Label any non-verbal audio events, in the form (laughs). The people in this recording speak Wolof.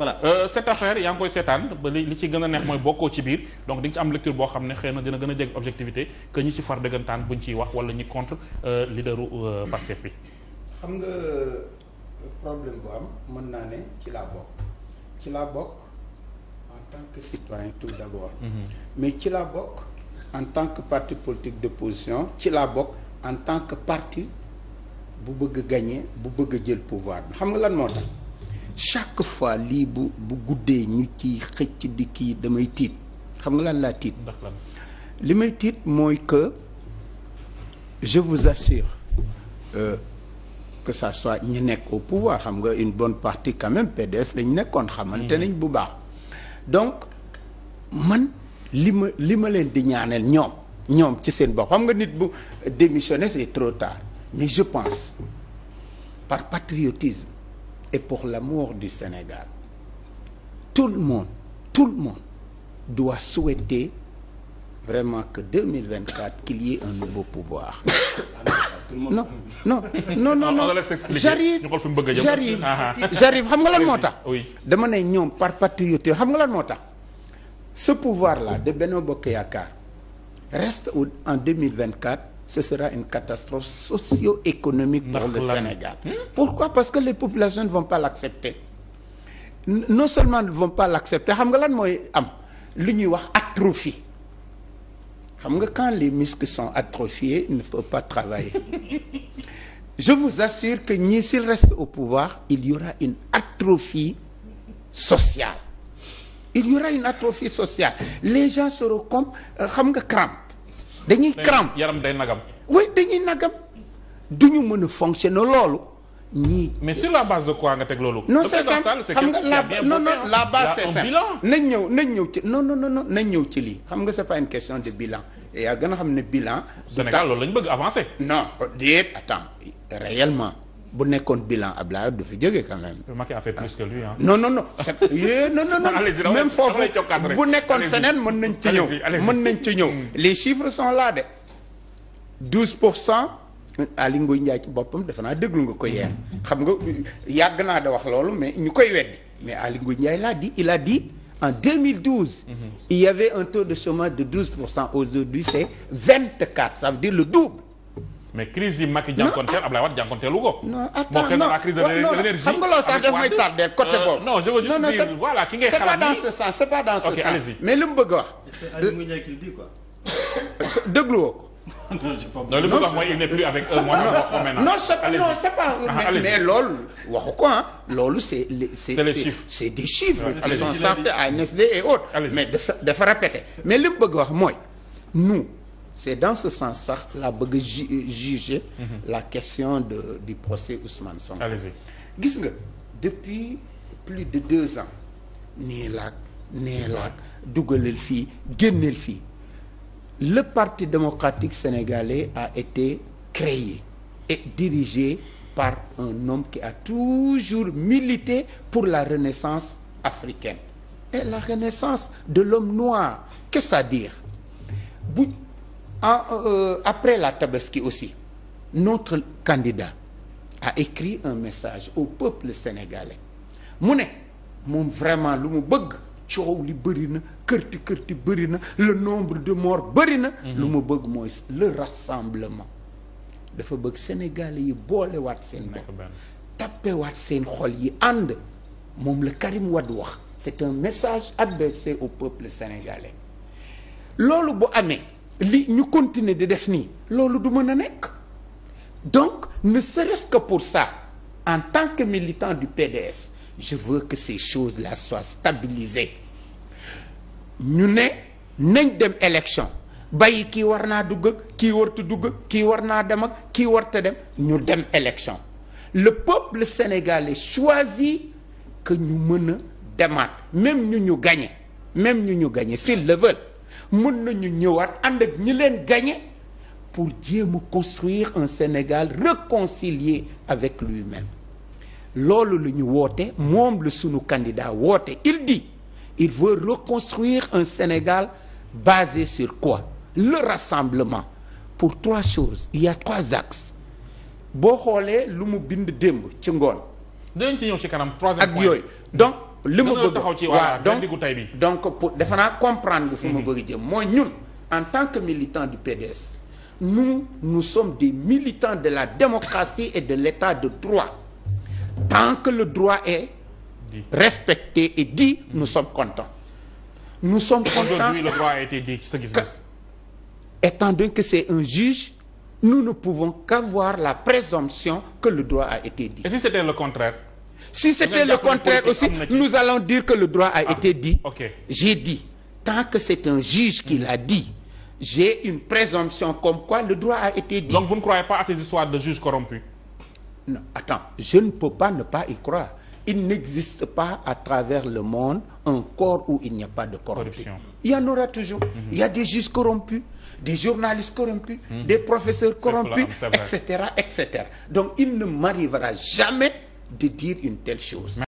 voilà euh, cette affaire yaa ngi koy seetaan ba li li ci gën a neex mooy bokkoo ci biir donc di nga ci am lecture boo xam ne xëy na dina gën a jeg objectivité que ñi ci far dëggantaan buñ ciy wax wala ñi contre euh, leaderu euh, Pastef bi. xam nga problème bu am mën naa ne ci laa bokk ci laa bokk en tant que citoyen tout d'abord. Mhm. mais ci laa bokk en tant que parti politique d'opposition ci laa bokk en tant que parti bu bëgg a bu bëgg a jël pouvoir bi xam nga lan moo chaque fois lii bu bu guddee ñu ciy xëcc di kii damay tiit xam nga lan laa tiit li may tiit mooy que je vous assure euh, que ça soit ñi nekk au pouvoir xam nga une bonne partie quand même PDS lañu nekkoon xamante mhm. nañ bu baax donc man li ma li ma leen di ñaaneel ñoom ñoom ci seen bopp xam nga nit bu démissionné c'est trop tard mais je pense par patriotisme et pour l'amour du Sénégal tout le monde tout le monde doit souhaiter vraiment que 2024 qu'il y ait un nouveau pouvoir (coughs) non non non non non j'arrive j'arrive ah, ah. j'arrive xam nga lan moo tax dama ne ñoom par patriote xam nga lan moo tax ce pouvoir là de Benno Bokk Yaakaar au en 2024 ce sera une catastrophe socio-économique pour le Sénégal. Pourquoi? Parce que les populations ne vont pas l'accepter. Non seulement ne vont pas l'accepter xam nga lan mooy am lu ñuy wax atrophie xam nga quand les muscles sont atrophiés il ne faut pas travailler (laughs) je vous assure que ñii s'il reste au pouvoir il y aura une atrophie sociale il y aura une atrophie sociale les gens seront comme euh, xam nga crampe dañuy crampe yaram day nagam. oui dañuy nagam du ñu mën a fonctionner loolu. ñii mais sur la base de quoi nga teg loolu. non c'est xam nga la non non la base c'est simple nañ ñëw nañ ñëw ci non non nañ ñëw ci lii xam nga c'est pas une question de bilan yaa gën a xam ne bilan. Sénégal loolu lañ bëgg avancer. non déet attends réellement. bu nekkoon bilan ab Wade du fi jógee quand même. Macky a fait plus que lui hein. non non non c'est (laughs) non non non foofu bu nekkoon feneen mën nañ ci ñëw mën nañ ci ñëw. Mm. les chiffres sont là de 12 pour cent. Aly Ngouille Ndiaye ci boppam defe naa déglu nga ko yeer xam nga yàgg naa de wax loolu mais ñu koy weddi mais Aly Ngouille Ndiaye l'a dit il a dit en 2012. Mm-hmm. il y avait un taux de chômage de 12 pour cent aujourd'hui c'est 24 ça veut dire le double. mais crise yi Macky jànkonteel Ablaye Wade jànkonteelu ko. non attends non la crise de l'énergie xam nga loolu sax daf pas dans ce sens mais li mu wax. (coughs) dégluwoo ko. (laughs) non je pense pas ah, mais loolu waxu ko ah. loolu c'est c'est c'est des chiffres. qui sont sortis à ANSD et autres. mais dafa dafa mais li mu bëgg wax mooy nous. c'est dans ce sens sax la bëgg a juger mhm. la question de du procès Ousmane Sonko allez-y gis nga depuis plus de deux ans nee laak nee laak dugalal fii génneel fii le parti démocratique sénégalais a été créé et dirigé par un homme qui a toujours milité pour la renaissance africaine et la renaissance de l'homme noir qu'est-ce dire en euh, après la tabaski aussi notre candidat a écrit un message au peuple sénégalais mu ne moom vraiment lu mu bëgg coow li bëri na kërti kërti bëri na le nombre de morts bëri na mhm. lu mu bëgg mooy le rassemblement dafa bëgg sénégalais yi boolewaat seen bopp tappewaat seen xol yi ànd moom la Karim Wade wax c'est un message adressé au peuple sénégalais loolu bu amee li ñu continuer di def nii loolu du mën a nekk donc ne serait-ce que pour ça en tant que militant du PDS je veux que ces choses la soient stabilisées ñu ne nañ dem élection bàyyi kii war naa dugg ak kii wartu dugg kii war naa dem ak kii warta dem ñu dem élection le peuple sénégalais choisit que ñu mën a demaat même ñu ñu gañe même ñu ñu gagné s'ils le veulent mën nañu ñëwaat ànd ak ñi leen gagné pour jéem a construire un Sénégal réconcilié avec lui-même loolu lu ñu woote moom la sunu candidat woote il dit il veut reconstruire un Sénégal basé sur quoi le rassemblement pour trois choses il y trois axes boo xoolee lu mu bind démb ci ngoon. dinañ ci ñëw ci kanam troisième point ak yooyu li ma bëgg taxaw ci waaw donc tey pour defe comprendre fu ma mhm. bëgg jëm mooy ñun en tant que militant du PDS nous nous sommes des militants de la démocratie et de l'état de droit tant que le droit est respecté et dit nous mhm. sommes contents nous sommes contents le droit a été dit sa gis-gis étant donné que c'est un juge nous ne pouvons qu'avoir la présomption que le droit a été dit et si le contraire si c'était le contraire aussi nous allons dire que le droit a ah, été dit okay. j'ai dit tant que c'est un juge qui l'a dit j'ai une présomption comme quoi le droit a été dit donc vous ne croyez pas à ces histoires de juges corrompus non attends je ne peux pas ne pas y croire il n'existe pas à travers le monde un corps où il n'y a pas de corruption. corruption. Il y en aura toujours. Mm -hmm. Il y a des juges corrompus, des journalistes corrompus, mm -hmm. des professeurs corrompus, etc., etc. Donc il ne m'arrivera jamais de dire une telle chose.